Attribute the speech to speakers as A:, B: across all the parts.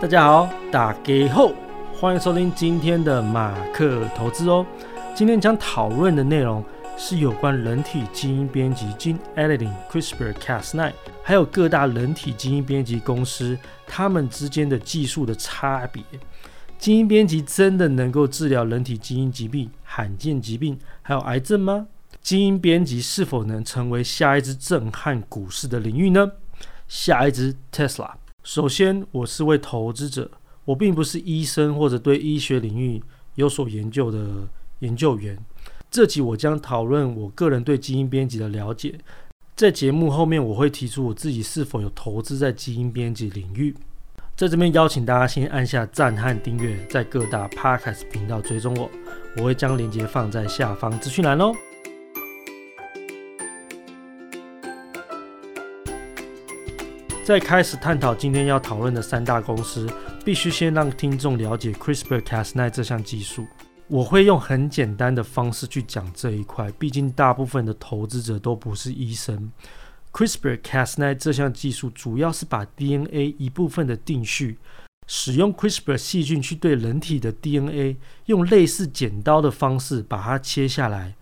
A: 大家好，大家好，歡迎收聽今天的馬克投資哦。今天將討論的內容是有關人體基因編輯，Gene Editing CRISPR Cas9，還有各大人體基因編輯公司他們之間的技術的差別。基因編輯真的能夠治療人體基因疾病、罕見疾病，還有癌症嗎？基因編輯是否能成為下一隻震撼股市的領域呢？下一隻 Tesla。首先，我是位投資者，我並不是醫生或者對醫學領域有所研究的研究員。這集我將討論我個人對基因編輯的了解。在節目後面，我會提出我自己是否有投資在基因編輯領域。在這邊邀請大家先按下讚和訂閱，在各大 Podcast 頻道追蹤我，我會將鏈接放在下方資訊欄哦。在開始探討今天要討論的三大公司，必須先讓聽眾了解 CRISPR-Cas9 這項技術。我會用很簡單的方式去講這一塊，畢竟大部分的投資者都不是醫生。CRISPR-Cas9 這項技術主要是把 DNA 一部分的定序，使用 CRISPR 細菌去對人體的 DNA，用類似剪刀的方式把它切下來。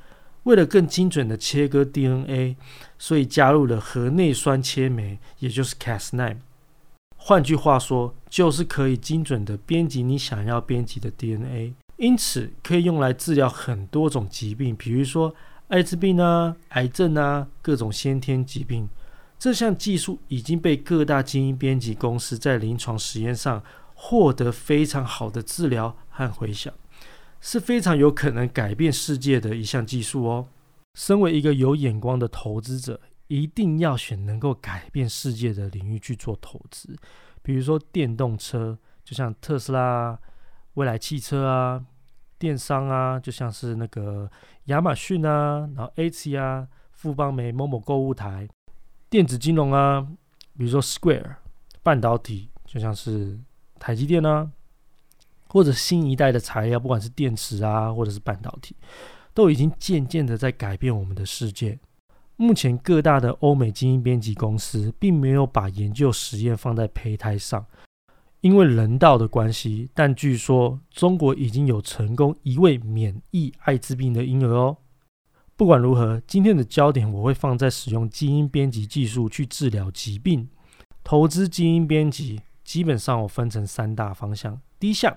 A: 為了更精準地切割 DNA，所以加入了核內酸切酶，也就是 Cas9。換句話說，就是可以精準地編輯你想要編輯的 DNA，因此可以用來治療很多種疾病，比如說艾滋病啊、癌症啊、各種先天疾病。這項技術已經被各大基因編輯公司在臨床實驗上獲得非常好的治療和回響。是非常有可能改變世界的一項技術哦。身為一個有眼光的投資者，一定要選能夠改變世界的領域去做投資，比如說電動車，就像特斯拉、啊、未來汽車啊、電商啊，就像是那個亞馬遜啊，然後 HC 啊、富邦媒、某某購物台、電子金融啊，比如說 Square、半導體，就像是台積電啊。或者新一代的材料，不管是電池啊，或者是半導體，都已經漸漸的在改變我們的世界。目前各大的歐美基因編輯公司並沒有把研究實驗放在胚胎上，因為人道的關係。但據說中國已經有成功一位免疫艾滋病的嬰兒哦。不管如何，今天的焦點我會放在使用基因編輯技術去治療疾病。投資基因編輯，基本上我分成三大方向。第一項。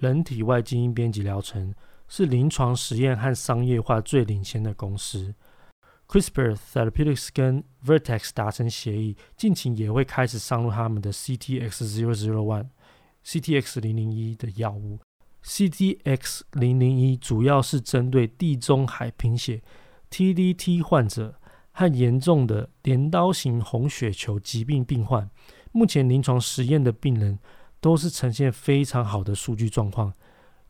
A: 人體外基因編輯療程是臨床實驗和商業化最領先的公司，CRISPR Therapeutics 跟 Vertex 達成協議，近期也會開始上路他們的 CTX001, CTX zero zero one、CTX 零零一的藥物。CTX 零零一主要是針對地中海貧血、TDT 患者和嚴重的鐮刀型紅血球疾病病患。目前臨床實驗的病人。都是呈現非常好的數據狀況。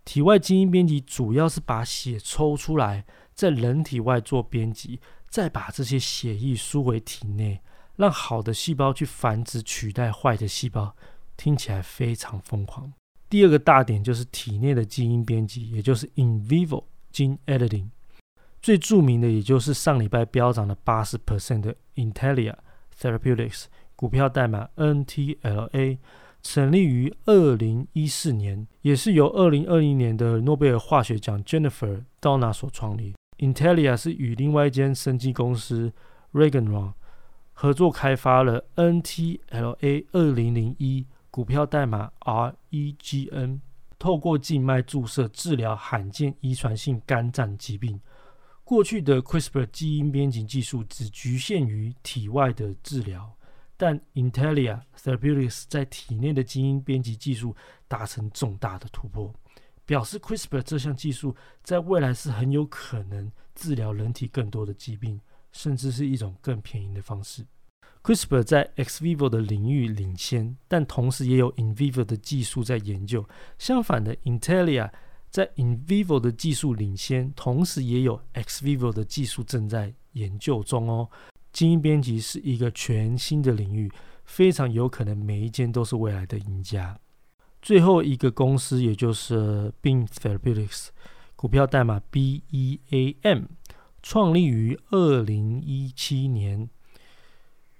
A: 體外基因編輯主要是把血抽出來，在人體外做編輯，再把這些血液輸回體內，讓好的細胞去繁殖，取代壞的細胞。聽起來非常瘋狂。第二個大點就是體內的基因編輯，也就是 in vivo gene editing。最著名的也就是上禮拜飆漲了八十 percent 的 Intellia Therapeutics，股票代碼 NTLA。成立於二零一四年，也是由二零二零年的諾貝爾化學獎 Jennifer Doudna 所創立。Intellia 是與另外一間生技公司 Regeneron 合作開發了 NTLA 二零零一股票代碼 REGN，透過靜脈注射治療罕見遺傳性肝臟疾病。過去的 CRISPR 基因編輯技術只局限於體外的治療。但 Intellia Therapeutics 在體內的基因編輯技術達成重大的突破，表示 CRISPR 這項技術在未來是很有可能治療人體更多的疾病，甚至是一種更便宜的方式。CRISPR 在 Ex vivo 的領域領先，但同時也有 In vivo 的技術在研究。相反的，Intellia 在 In vivo 的技術領先，同時也有 Ex vivo 的技術正在研究中哦。基因編輯是一個全新的領域，非常有可能每一間都是未來的贏家。最後一個公司，也就是 Beam Therapeutics，股票代碼 B E A M，創立於二零一七年，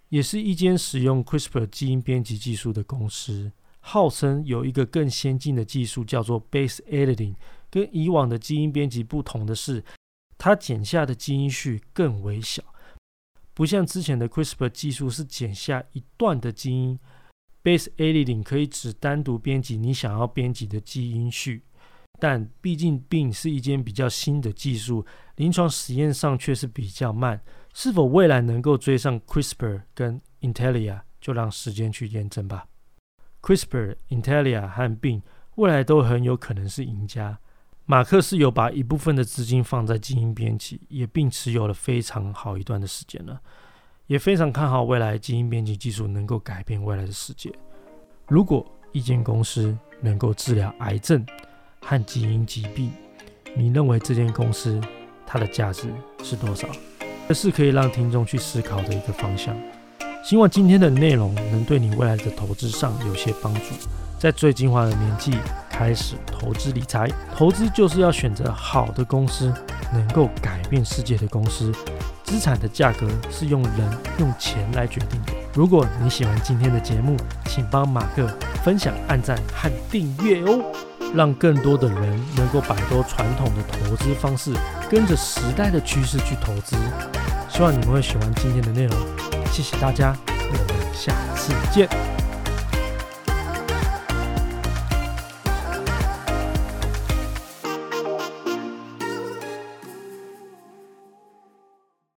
A: 也是一間使用 CRISPR 基因編輯技術的公司，號稱有一個更先進的技術叫做 Base Editing。跟以往的基因編輯不同的是，它剪下的基因序更微小。不像之前的 CRISPR 技術是剪下一段的基因，Base Editing 可以只單獨編輯你想要編輯的基因序，但畢竟 Beam 是一件比較新的技術，臨床實驗上卻是比較慢。是否未來能夠追上 CRISPR 跟 Intellia，就讓時間去驗證吧。CRISPR、Intellia 和 Beam，未來都很有可能是贏家。馬克是有把一部分的資金放在基因編輯，也並持有了非常好一段的時間了，也非常看好未來基因編輯技術能夠改變未來的世界。如果一間公司能夠治療癌症和基因疾病，你認為這間公司它的價值是多少？這是可以讓聽眾去思考的一個方向。希望今天的內容能對你未來的投資上有些幫助。在最精華的年紀開始投資理財，投資就是要選擇好的公司，能夠改變世界的公司。資產的價格是用人用錢來決定的。如果你喜歡今天的節目，請幫馬克分享、按讚和訂閱哦，讓更多的人能夠擺脫傳統的投資方式，跟着時代的趨勢去投資。希望你們會喜歡今天的內容，謝謝大家，我們下次見。